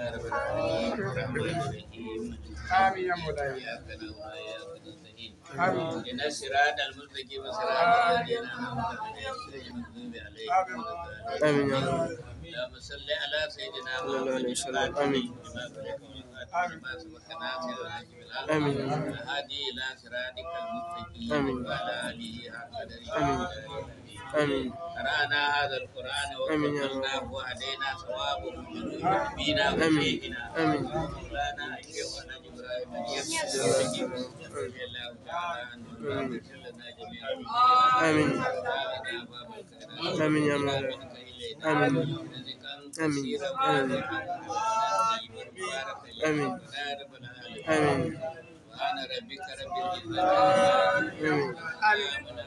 آمين يا مولاي آمين إن الصراط المستقيم صراط الذين أنعمت آمين يا رب اللهم صل على سيدنا محمد آمين آمين آمين هادي إلى صراطك المستقيم وعلى آله حق قدره آمين آمين قرأنا هذا القرآن وقبلناه وهدينا ثوابه من نبينا وشيخنا آمين مولانا شيخنا إبراهيم اليسير رضي الله تعالى عنه لنا جميعا آمين آمين يا مولانا آمين آمين آمين آمين آمين سبحان ربك رب العزة آمين يصفون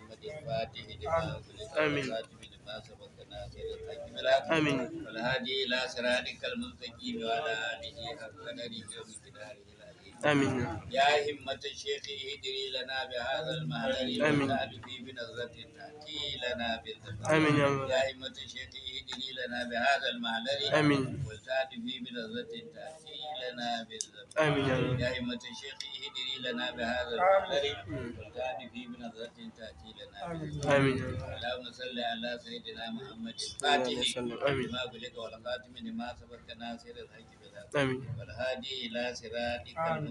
الفاتح لما أغلق والخاتم لما سبق ناصر الحق بالحق والهادي إلى صراطك المستقيم وعلى آله حق قدره ومقداره آمين يا همة الشيخ اهدري لنا بهذا المهدر آمين في بنظرة تأتي لنا بالذكر آمين يا يا همة الشيخ اهدري لنا بهذا المهدر آمين وزاد في بنظرة تأتي لنا بالذكر آمين يا همة الشيخ اهدري لنا بهذا المهدر وزاد في بنظرة تأتي لنا بالذكر آمين اللهم صل على سيدنا محمد الفاتح آمين ما بلغ ولا والقاتم لما سبق ناصر الحج الحق آمين والهادي إلى صراطك المستقيم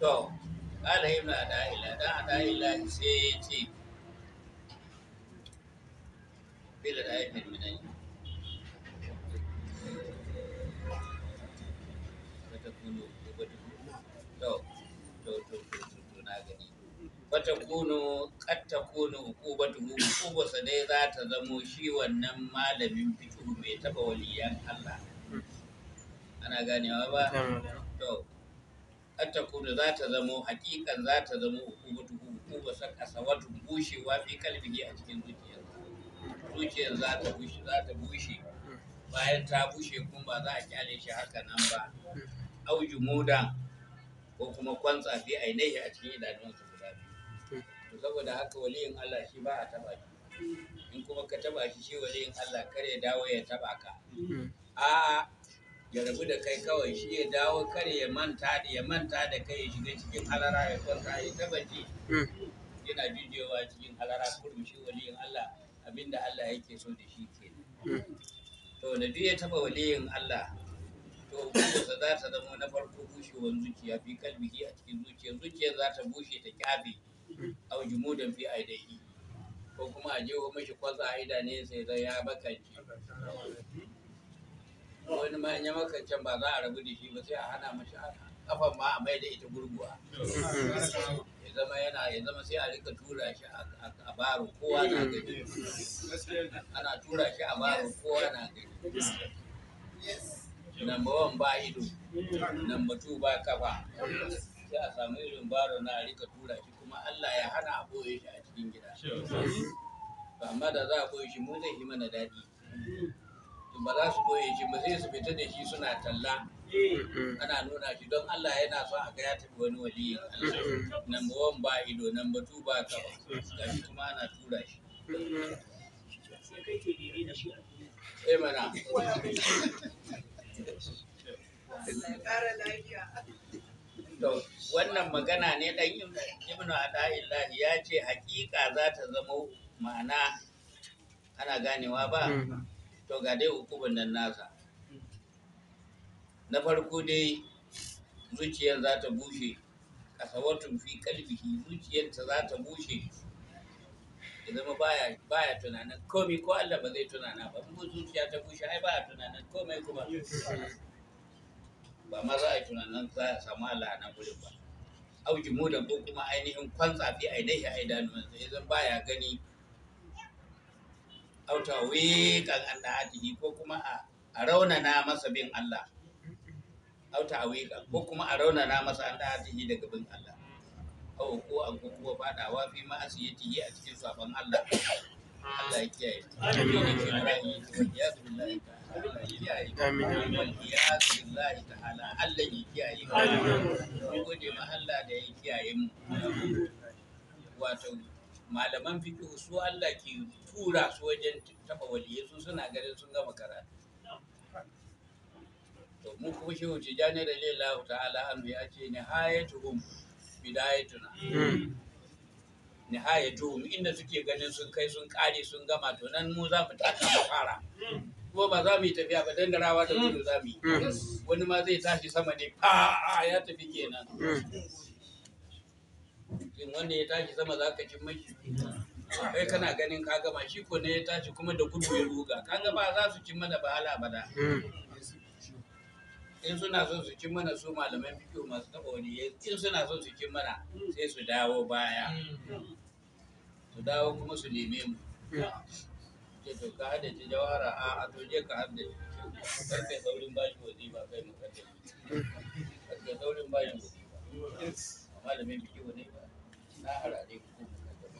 to ƙala ibn ada'ila da ada'ila sai ya ce bila da aifin minani wata kunu wata kunu to to to to to na gani wata kunu katta kunu hukubatu hukubarsa dai za ta zamo shi wannan malamin fikihu mai taba waliyan Allah ana ganewa ba to an za ta zamo hakikan za ta zamo hukumatu hukuma sa kasa wata bushewa fi kalbihi a cikin zuciyar zuciyar za ta bushe za ta bushe bayan ta bushe kuma ba za a kyale shi haka nan ba au jumuda ko kuma kwantsa fi ainihi a cikin su guda biyu to saboda haka waliyin Allah shi ba a taba shi in kuma ka taba shi shi waliyin Allah kare dawo ya taba ka hmm. a'a ya rabu da kai kawai shi ya dawo kare ya manta da ya manta da kai ya shiga cikin halara ya kwanta ya tabbaci hmm. yana jujewa cikin halara kurum shi waliyin Allah abinda Allah yake so da shi kenan hmm. to na duk ya taba waliyin Allah to kusa za ta zama na farko bushewar zuciya fi kalbihi a cikin zuciya zuciya za ta bushe ta kyabe hmm. au jumudan fi aidai ko kuma a wa mashi kwaza a idanunsa ya bakance wani ma ya maka can ba za a rabu da shi ba sai a hana mashi kafan ma a mai da ita gurguwa ya zama yana ya zama sai a rika tura shi a baro kowa na gani ana tura shi a baro kowa na gani number one ba ido number two ba kafa sai a samu irin baro na rika tura shi kuma Allah ya hana a boye shi a cikin gida amma da za a boye shi mu zai yi mana daɗi ba za su boye shi ba sai su fita da shi suna talla mm-hmm. ana nuna shi don Allah yana so a ga ya tafi wani waliyin Allah mm-hmm. number one ba ido number two ba ga shi kuma ana tura shi mm-hmm. eh, wannan magana ne dan ibnu adaillah ya ce hakika za ta zama ma'ana ana ganewa ba to ga dai hukumar nan nasa na farko dai zuciyar za ta bushe kasawatun fi kalbihi zuciyarta za ta bushe ya zama baya tunanin komai ko Allah ba zai tunana ba mu zuciya ta bushe ai baya tunanin komai kuma ba ma za a yi tunanin za a samu Allah na gudun ba auji mu da ko kuma ainihin kwantsa fi ainihin a idanuwansa ya zan baya gani auta wiƙan Allah ko kuma a raunana masa bin Allah auta wiƙan ko kuma a raunana masa Allah adihi daga bin Allah au ko an ko kuma wa fi ma asiyati a cikin sabon Allah Allah ya kiyaye amin ya billahi Allah ya kiyaye ta'ala Allah ya kiyaye mu gode ma Allah da ya kiyaye mu wato malaman fiqh su Allah ke tura su wajen taba waliyai su suna ganin sun gama karatu to mu kuma wuce jani da lillahi ta'ala an ya ce ni hayatuhum bidayatuna hmm. ni hayatuhum inda suke ganin sun kai sun kare sun gama to nan mu za mu taka mu fara kuma ba za mu yi tafiya ba dandarawa da gudu za mu yi hmm. wani ma zai tashi sama ne fa ya tafi kenan hmm. shin wanda ya tashi sama za ka cin mashi kai kana ganin ka gama shi ko ne ya tashi kuma da gudu ya ruga kaga gama za su cin mana bahala bada hmm. in suna son su cin mana su malaman fikiyo masu taɓa wani in suna son su cin mana sai su dawo baya su dawo kuma su neme mu ce to ka hada haddace jawara a a to je ka haddace karfe saurin bashi wasi ba kai mu karfe karfe saurin bashi wasi ba malamin fikiyo ne ba na harare ku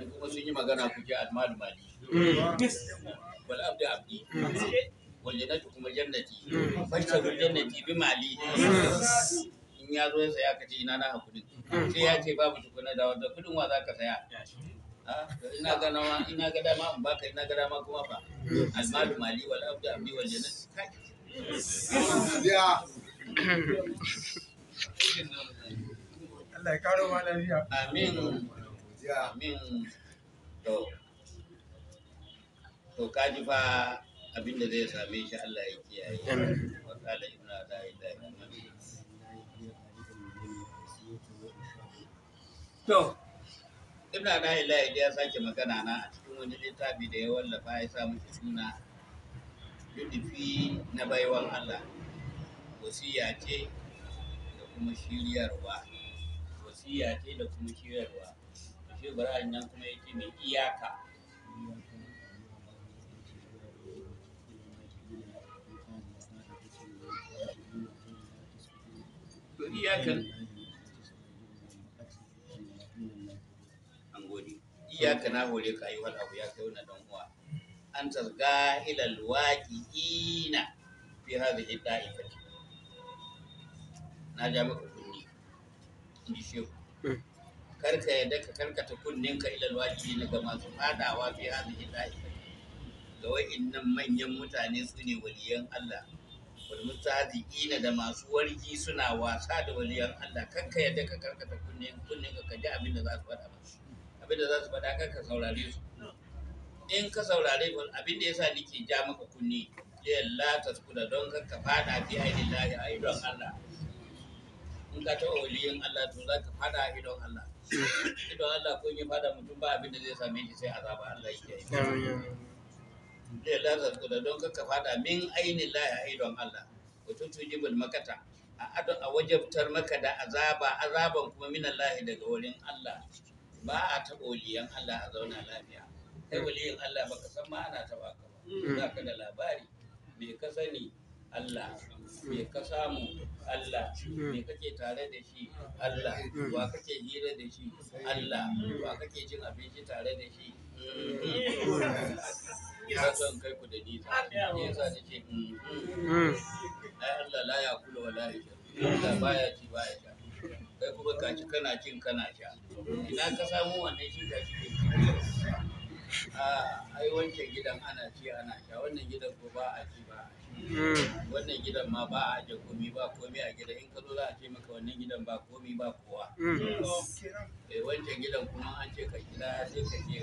in kuma sun yi magana ku ji mm. abdi mm. kuma jannati fashtaru mm. jannati bi mali in ya zo ya saya ka ce ina na hakuri sai ya ce babu tukuna da wanda kudin wa za ka saya ah, ina ga dama in baka ina ga dama kuma fa almalu mali abdi Allah ya karo ma lafiya amin Yeah. Amin. To. To kaji fa abin da zai same shi Allah ya kiyaye. Amin. Wa qala inna la ilaha illa To, Ibn Adahila ya sake magana na a cikin wani littafi da ya wallafa ya sa miki suna Yudifi na baiwan Allah, wasiya ce da kuma shiryarwa. Wasiya ce da kuma shiryarwa. ibrahim nan kuma yake mai iyaka iyaka na hore ka yi wani abu ya kai wani dan uwa an tasga ilal waqi'ina fi hadhihi da'ifati na ja maka kunni in ji shehu karka yadda ka karkata kunninka ilal wajibi ga masu fadawa fi hadhihi da'ifa ga wa'innan manyan mutane su ne waliyan Allah wal Ina da masu wargi suna wasa da waliyan Allah karka yadda ka karkata kunnen kunnen ka ji abin da za su faɗa maka? abin da za su faɗa karka saurare su in ka saurare abin da yasa nake ja maka kunni la taskuda don ka fada fi ainihin lahi a Allah in ka taɓa waliyan Allah to za ka fada a Allah Don Allah kun yi fada mutum ba abin da zai same shi sai azaba Allah ya yi. Zai lazar da don kaka fada min aini lahi aidon Allah. Wato tujibul makata. A adon a wajabtar maka da azaba azaban kuma min Allah daga wurin Allah. Ba a taɓa waliyan Allah a zauna lafiya. Kai waliyan Allah baka san ma ana taɓa ka ba. Za mm. ka da labari. Me ka sani Allah me ka samu Allah me kake tare da shi Allah wa kake hira da shi Allah wa kake cin abinci tare da shi mm-hmm. Sassan kai ku da nisa, ya sa ta ce, mm-hmm? Ai Allah la ya kula wa la ya Allah baya ci baya sha, kai kuma ka ci kana cin kana sha, ina ka samu wannan shi da shi ke ah, ai wancan gidan ana ci ana sha, wannan gidan ko ba a ci ba wannan gidan ma ba a ajiye komi ba komi a gida in ka zo za a ce maka wannan gidan ba komi ba kowa mm. eh, wancan gidan kuma an ce ka gida sai ka ce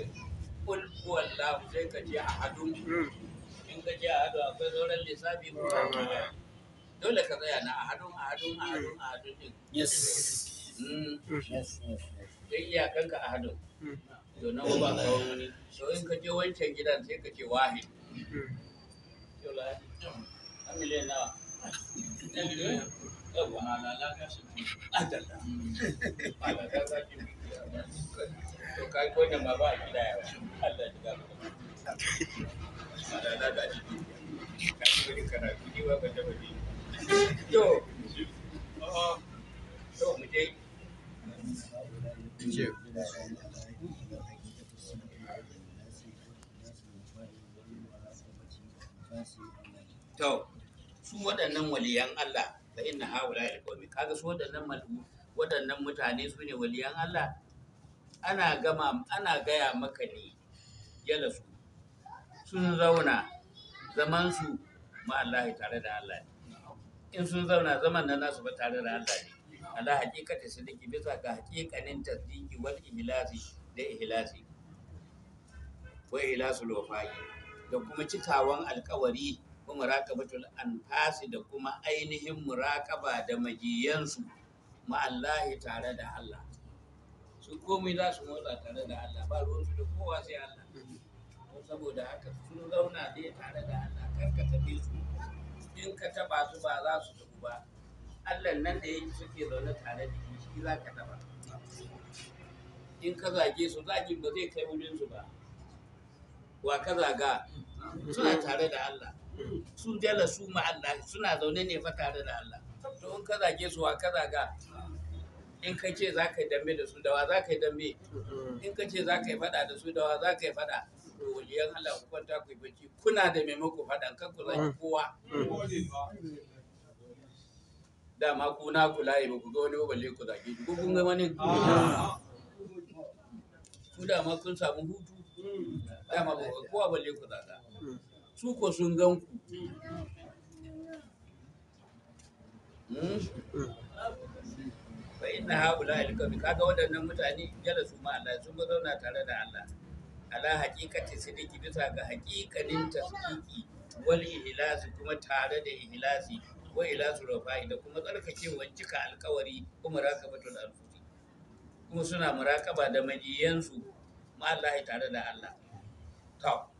kul wallahu sai ka ce a hadu mm. in ka ce a hadu akwai sauran lissafi ko ah. dole ka tsaya na a hadun a hadun a hadun a hadun din yes mm. yes dai iyakanka a hadu. to na ba ka wani so in ka je wancan gidan sai ka ce wahid miliyan nawa da a to su waɗannan waliyan Allah fa inna haula alqawmi kaga su waɗannan waɗannan mutane su ne waliyan Allah ana gama ana gaya maka ne yala su sun zauna zaman su ma Allah tare da Allah ne in sun zauna zaman nan nasu ba tare da Allah ne ala hakikata sadiki bisa ga hakikanin tasdiki wal ihlasi da ihlasi wa ihlasul wafa da kuma citawan alkawari muraqabatul anfasi da kuma ainihin muraqaba da magiyansu ma'allahi tare da Allah su komai za su motsa tare da Allah ba su da kowa sai Allah saboda haka sun zauna dai tare da Allah kar ka tafi su in ka taba su ba za su tafi ba Allah nan da yake suke zaune tare da shi shi za ka taba in ka zage su zagin ba zai kai wurin su ba wa ka zaga suna tare da Allah su jala su ma Allah suna zaune ne fa tare da Allah to in ka zage su wa ka zaga in ka ce za ka yi dambe da su dawa za ka yi dambe in ka ce za ka yi fada da su dawa za ka yi fada to waliyan Allah ku kwanta ku yi bacci kuna da maimako fada kan ku zaki kowa dama ku na ku yi ba ku ga wani balle ku zage ku kun ga wani ku dama kun samu hutu dama ba kowa balle ku zaga su ko sun gan ku fa hmm? inna haula alqabi kaga waɗannan mutane jala su Allah sun ga zauna tare da Allah ala haqiqati sidiki bisa ga haqiqanin tasdiki wal ihlasi kuma tare da ihlasi wa ihlasu rafa'i da kuma tsarkakewan cika alkawari kuma da alfuti kuma suna muraƙaba da majiyansu ma Allah tare da Allah to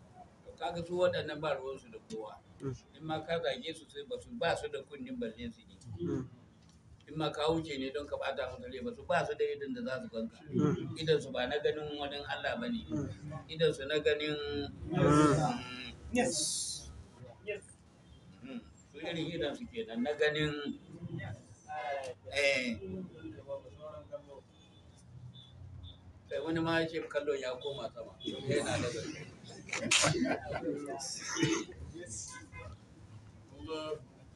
kaga su waɗannan ba ruwansu da kowa mm. in ma ka zage su sai ba su ba su da kundin balle su ne mm. in ma ka wuce ne don ka bata musu rai ba su ba su da idan da za su ganka mm. idan su ba na ganin wani Allah ba ne idan su na ganin su irin idan su kenan na ganin eh, wani ma ya ce kallon ya koma sama yana da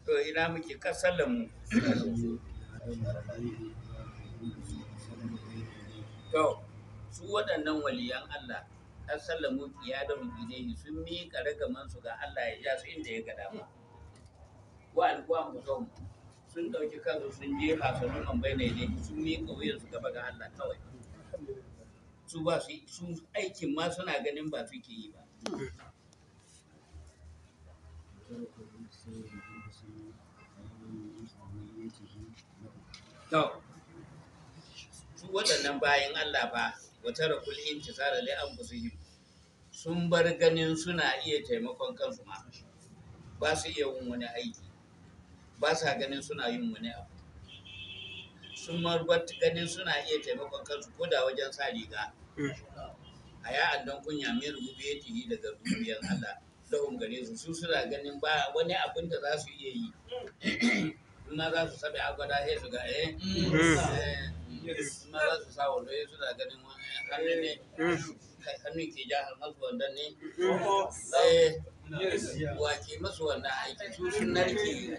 to ina muke kasallan mu to su waɗannan waliyan Allah an sallamu kiyadar ilaihi sun miƙa ragaman su ga Allah ya ja su inda ya ga ma. wa alkuwa mutum sun ɗauki kansu sun je su numan bai ne sun miƙa wuyan su gaba ga Allah kawai su ba su aikin ma suna ganin ba suke yi ba su waɗannan bayan Allah ba wata rakul inci tsara lai an sun bar ganin suna iya taimakon kansu ma ba su iya yin wani aiki ba sa ganin suna yin wani abu sun marubar ganin suna iya taimakon kansu ko da wajen sa riga a ya andan kunya mai rubutu ya tihi daga rububiyar Allah lahum gare su su suna ganin ba wani abin da za su iya yi na za su sabi agwada sai su ga eh, eh na za su sa wando ya suna ganin hannu ne hannu ke ja har masu wanda ne eh, wa ke masu wanda aiki su sun narke a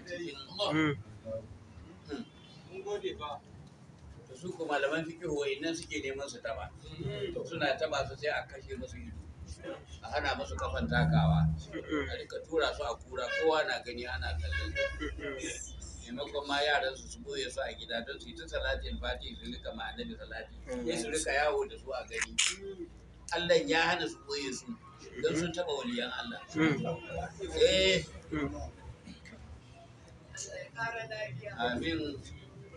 cikin su ko malaman fiki nan suke neman su taba suna taba su sai a kashe musu ido a hana musu kafan takawa a rika tura su a kura kowa na gani ana kallon maimakon ma yaran su su boye su a gida don su yi ta salatin fati su rika ma annabi salati sai su rika yawo da su a gani Allah ya hana su boye su don sun taba waliyan Allah eh Amin.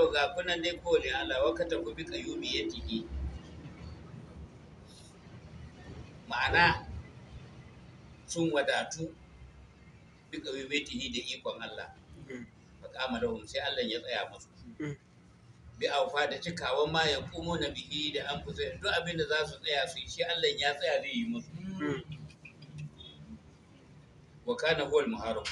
to ga kunan dai ko ne Allah wa ta kubi bi ya yatihi ma'ana sun wadatu bi kayumi yatihi da ikon Allah fa kama lahum sai Allah ya tsaya musu bi aufa da cikawa ma ya kumo na bihi da an fusa duk abin da za su tsaya su yi shi Allah ya tsaya zai yi musu wa kana huwal muharram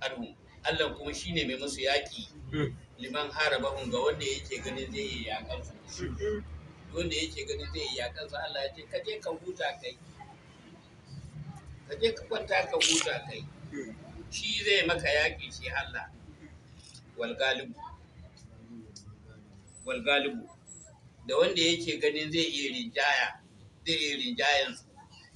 anhum Allah kuma shine mai musu yaƙi liman harabahun ga wanda yake ganin zai yi yaƙan su wanda yake ganin zai yi yaƙan su Allah ya ce ka je ka huta kai ka je ka kwanta ka huta kai shi zai maka yaƙi shi Allah wal galibu wal galibu da wanda yake ganin zai iya rinjaya zai iya rinjayansu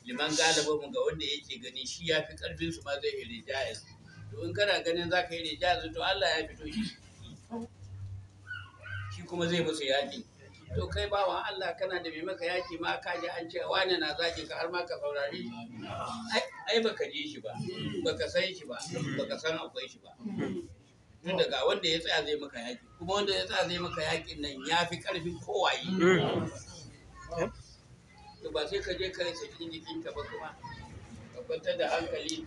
liman galibin ga wanda yake gani shi ya fi ƙarfinsu ma zai iya rinjayansu to in kana ganin za ka yi rija yanzu to Allah ya fito shi shi kuma zai musu yaƙi to kai bawan Allah kana da mai maka yaƙi ma ka ji an ce wane na zaki ka har ma ka saurari? Ai ai baka ji shi ba baka san shi ba baka san akwai shi ba tun daga wanda ya tsaya zai maka yaƙi kuma wanda ya tsaya zai maka yaƙin nan ya fi ƙarfin kowaye to ba sai ka je ka yi sakin jikinka ba kuma ka kwantar da hankali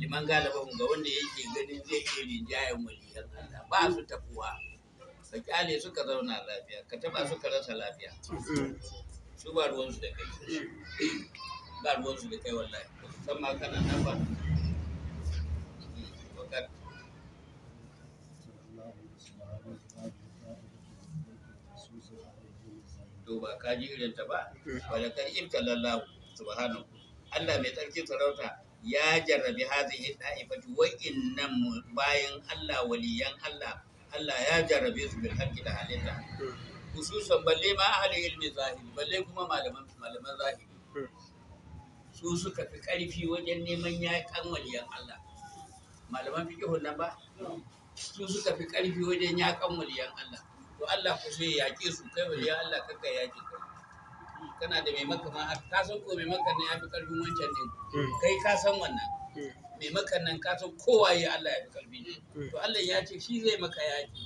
liman galibin ga wanda yake ganin zai ke rijayen waliyan Allah ba su tafuwa ka kyale suka zauna lafiya ka taba suka rasa lafiya su ba ruwansu da kai ba ruwansu da kai wallahi san ma kana nan ba to ba ka ji irin ta ba wala kan ibtalallahu subhanahu Allah mai tsarki sarauta ya jarrabi hazihi da'ifati wa innan bayan Allah waliyan Allah Allah ya jarrabe su bil haqqi da halitta khususan balle ma ahli ilmi zahiri balle kuma malaman malaman zahiri su suka fi karfi wajen neman ya kan waliyan Allah malaman fi fiqh nan ba su suka fi karfi wajen ya kan waliyan Allah to Allah ku sai ya ke su kai waliyan Allah kaka ke. kana da mai maka ma ka san ko mai maka ne ya fi karfin wancan din hmm. kai ka san wannan hmm. mai maka nan ka san kowa ya Allah ya fi karfi ne hmm. to Allah ya ce shi zai maka yaki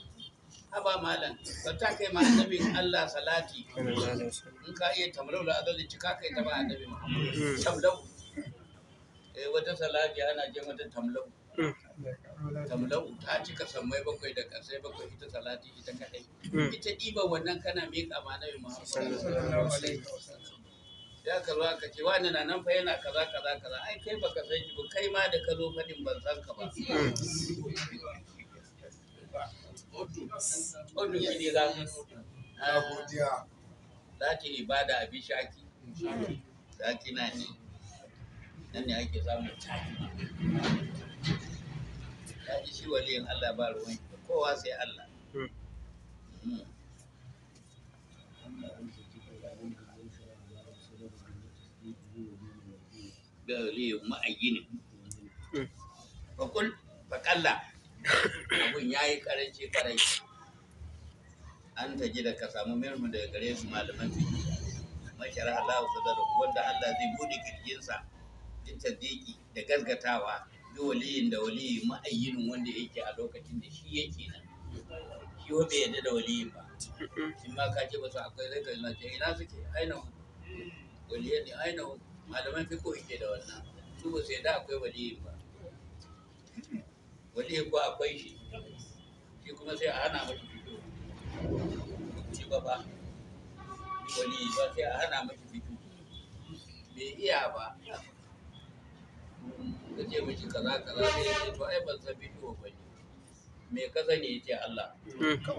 haba malam ka ta kai ma annabi Allah salati in ka iya tamlau la azali cika kai ta ba annabi Muhammad tamlau eh wata salati ana je mata tamlau tamlau ta cika sammai bakwai da kasai bakwai ita salati ita kadai hmm. ita ɗiba wannan kana miƙa ma na yi ya ka zo ka ce wani na nan fa yana kaza kaza kaza ai kai baka san shi ba kai ma da ka zo fadin ban san ka ba Odu hmm. shi ne za mu. Na godiya. Za ki ibada a bishaki. Za na ne. Nan ne ake samun taki. kaji shi waliyin Allah ba ruwan kowa sai Allah hmm. ma'ayyini hmm. fakul fakalla abun ya yi karanci karai an ta da ka samu daga gare su malaman fiye mashara Allah wanda Allah zai buɗe kirjinsa in da gaskatawa bi waliyin da waliyi ma'ayyinin wanda yake a lokacin da shi yake nan shi wa bai yadda da waliyin ba in ma ka ce basu akwai zai kai lafiya ina suke aina waliyan ne aina malaman fiko yake da wannan su ba su yadda akwai waliyin ba waliyin ko akwai shi shi kuma sai a hana mashi fito shi ba ba waliyi ba sai a hana mashi fito bai iya ba ka ce mishi kaza kaza ne ya ce to ai ban san bidiyo ba ne me ka sani ya ce Allah hmm. ka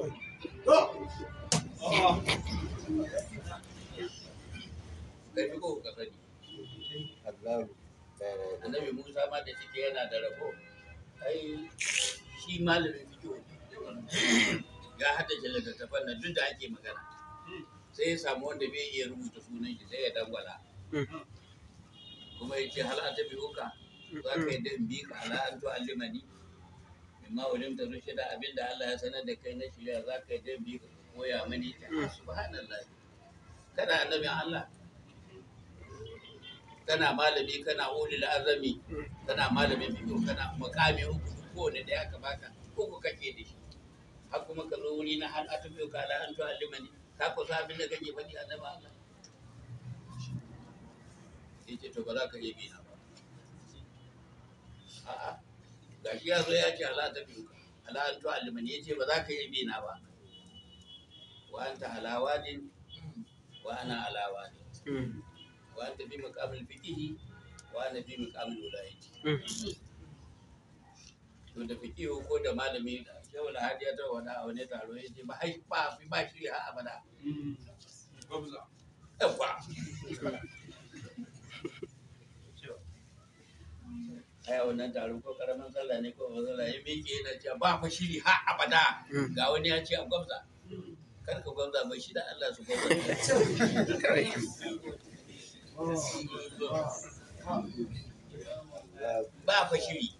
fi ko ka sani annabi Musa ma da cike yana da rabo ai shi malamin bidiyo ya hada littattafan na, duk da ake magana sai ya samu wanda bai iya rubuta sunan shi sai ya dangwala hmm. kuma ya ce hal a tabi za ka yi dan biyu ka ala an tu'allimani amma wajen ta rushe da abin da Allah ya sanar da kai na shirya za ka yi dan biyu ka koya mani ta mm. subhanallah kana annabin Allah kana malami kana ulil azami mm. kana malamin biyu kana makami uku kowane da ya kamata, baka uku kake da shi har kuma ka zo wuri na har aka biyo ka ala an tu'allimani ka kusa abin da kake faɗi annabin Allah yake to ba za ka iya bi na a'a ga shi ya zo ya ce ala ta biyu ala an to alimani ya ce ba za ka yi bi na ba wa an ta wa ana alawadin hmm. wa an ta bi mukamul fikihi wa ana bi mukamul wulayati hmm. to da fikihu ko da malami da yau da hadiya ta wada a wani taro ya ce ba ba ba shi ha abada hmm. yawwa ai wannan taron ko karamin sallah ne ko ba sallah ya miƙe yana cewa ba fa shiri har abada hmm. ga wani ya ce a gwamza kar ka gwamza mai shi da Allah su gwamza ba fa shiri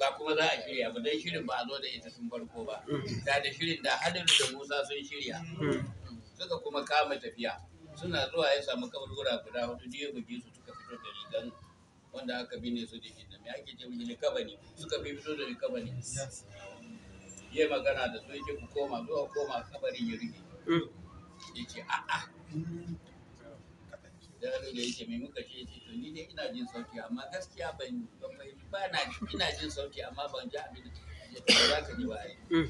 ba kuma za a shirya ba dan shirin ba a zo da ita sun farko ba hmm. da da shirin da hadiru da Musa sun shirya hmm. suka kuma kama tafiya suna zuwa ya samu kaburbura guda hudu je buge su suka fito da rigan wanda aka bi ne su da shi mai ake ce mai likabani suka fi fito da likabani ya magana da su yake ku koma zuwa koma kabarin ya rike mm. ya ce a'a da haka da yake mai muka ce ce to ni ne ina jin sauki amma gaskiya ban ban ba na ina jin sauki amma ban ji abin da za ka ji ba ai mm.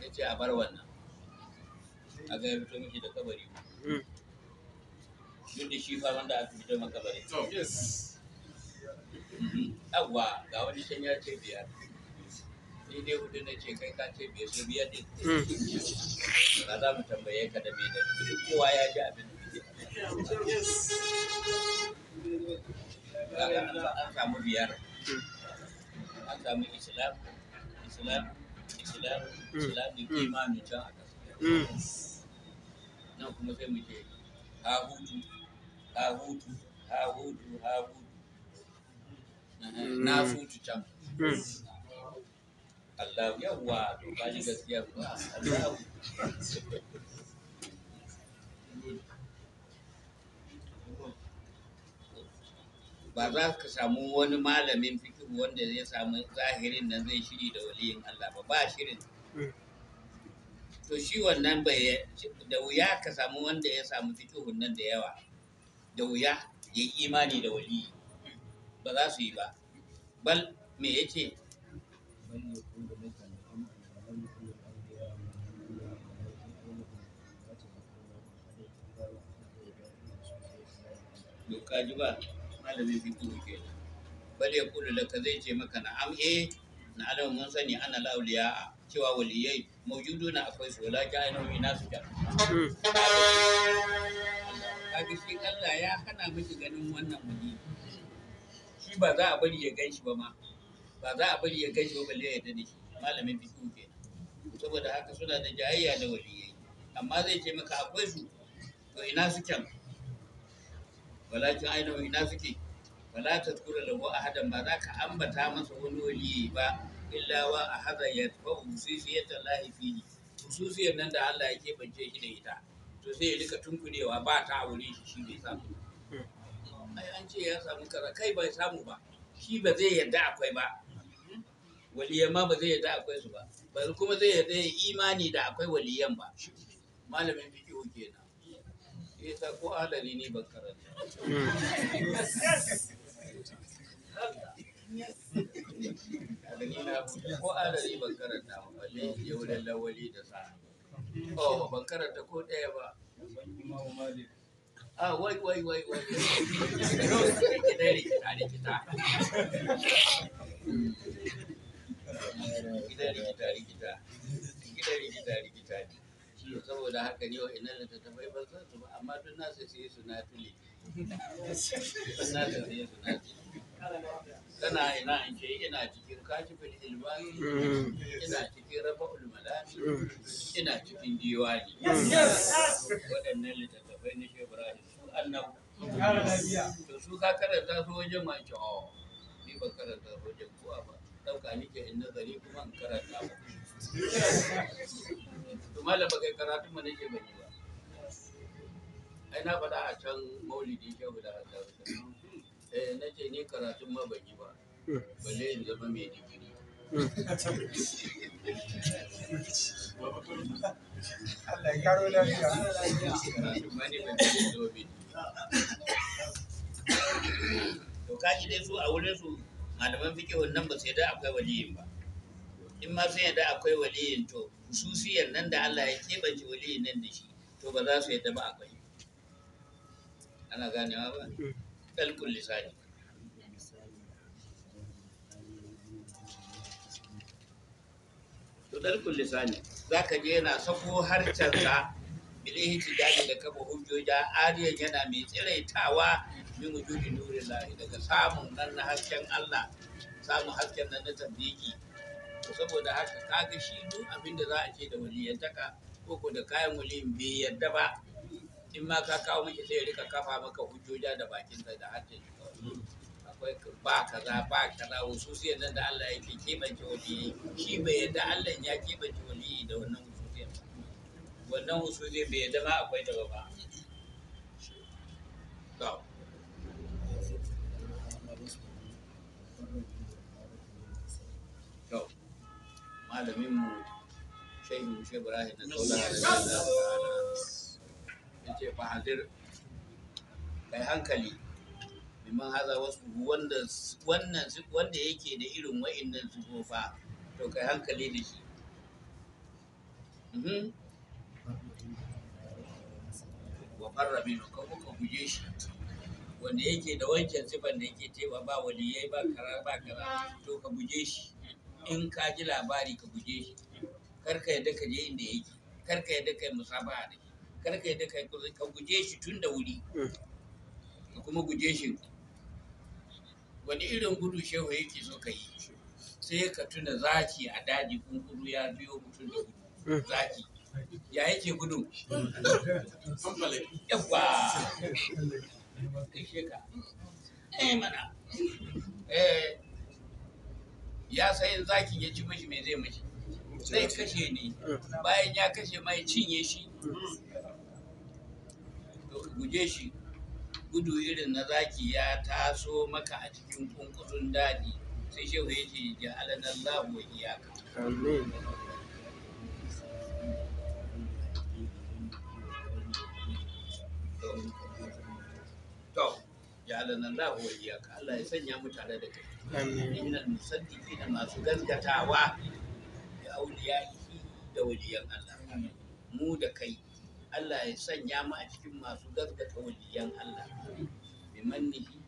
ya ce a bar wannan a ga ya fito miki da kabari mm. duk da shi fa wanda aka fito maka yawwa ga wani can ya ce biyar ni dai hudu na ce kai ka ce biyar sai biyar ne hmm. ba za mu tambaye ka da biyar? da kowa ya ji abin da muke an samu biyar an samu islam islam islam hmm. islam da hmm. kimanin can a ƙasa nan kuma sai mu ce ha hutu ha hutu ha hutu ha hutu na mm. futu can mm. Allah yawwa to ba ni gaskiya ba Allah ba za ka samu wani malamin fikiru wanda zai samu zahirin nan zai shiri da waliyin Allah ba ba shirin mm. to shi wannan bai da wuya ka samu wanda ya samu fikihun nan da yawa da wuya ya imani da waliyi ba za su yi ba bal me ya ce doka ji ba malamin fikiru ke bal ya da laka zai ce maka na am'e eh, na alamun mun sani ana lauliya a cewa waliyai maujudu na akwai su wala ga ainihin nasu ga hmm. kaga shi Allah ya hana miki ganin wannan wali shi ba za a bari ya gan shi ba ma ba za a bari ya gan shi ba balle ya da shi malamin fiqh ke saboda haka suna da jayayya da waliyai amma zai ce maka akwai su to ina su can walakin aina ina suke wala tadkura lahu ahadan ba za ka ambata masa wani waliyi ba illa wa ahada ya hususiyatallahi fihi hususiyar nan da Allah ya keɓance shi da ita to sai ya rika tunkunewa ba ta aure shi shi bai samu ai an ce ya samu kaza kai bai samu ba shi ba zai yadda akwai ba waliyan ma ba zai yadda akwai su ba ba kuma zai yadda ya imani da akwai waliyan ba malamin hoke na ya ta ko adali ne ban karanta ko adali ban karanta ba balle yau da lawali da sa oh, ban karanta ko ɗaya ba Aa wai, wai, wai, wai. saboda haka ne ba su ba amma sai su na tuli kana ina in ce ina cikin kashifin ilmani ina cikin rafa ulmalani ina cikin diwani waɗannan annabu to su ka karanta su wajen mai kyau oh, ni ba karanta su wajen kowa ba ɗauka nike in nazari kuma in karanta ba to malam ba kai karatu ma nake ban yi ba ai na faɗa a can maulidi shehu da haddasa eh nace ni karatu ma ban yi ba balle in zama mai digiri Allah ya karo lafiya. To kaji dai su a wurin malaman fikihun nan ba su yadda akwai waliyin ba. In ma sun yadda akwai waliyin to hususiyar nan da Allah ya keɓance waliyin nan da shi to ba za su yadda ba akwai. Ana ganewa ba? Kalkun mm. lisani. dalkul lisani zaka je yana sako harcansa hiji tijani da kaba hujjoja ariyan yana mai tsiraitawa min wujudi nuri lahi daga samun nan na hasken Allah samun hasken nan na tabbiki saboda haka ga shi duk abin da za a ce da waliyantaka ko da kayan waliyin bai yadda ba in ma ka kawo miki sai ya rika kafa maka hujjoja da bakin da harshen akwai ba kaza ba kaza hususiyar nan da Allah yake keɓance waliyi shi bai yadda Allah ya keɓance da wannan hususiyar wannan hususiyar bai yadda akwai ba malamin mu ce fahadir kai hankali liman haza wasu wanda wannan wanda yake da irin wa'annan sifofa to kai hankali da shi mhm. wa farra minu ka kuka guje shi wanda yake da wancan sifan da yake cewa ba yayi ba kara ba kara to ka guje shi in ka ji labari ka guje shi karka yadda ka je inda yake karka yadda kai musabaha da shi karka yadda kai ka guje shi tun da wuri mm. ka kuma guje shi wani irin gudu shehu yake so ka yi sai ka tuna zaki a daji kunkuru ya biyo mutum da gudu zaki ya yake gudu yawa kashe ka eh mana eh ya sayin zakin ya ci mashi mai zai mashi zai kashe ne bayan ya kashe mai cinye shi to guje shi gudu irin na zaki ya taso maka a cikin kunkusun daji sai shehu ya ce alana Allah wa iyaka to Allah wa iyaka Allah ya sanya mu tare da kai innal musaddiqina masu gaskatawa da auliya da waliyan Allah mu da kai Allah ya sanya mu a cikin masu gaskata waliyan Allah bi mannihi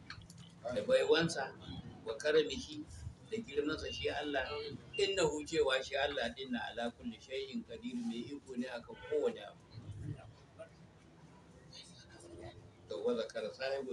da baiwansa wa karamihi da girmansa shi Allah inna cewa shi Allah dinna ala kulli shay'in qadir mai iko ne akan kowane abu to wa zakara sahibu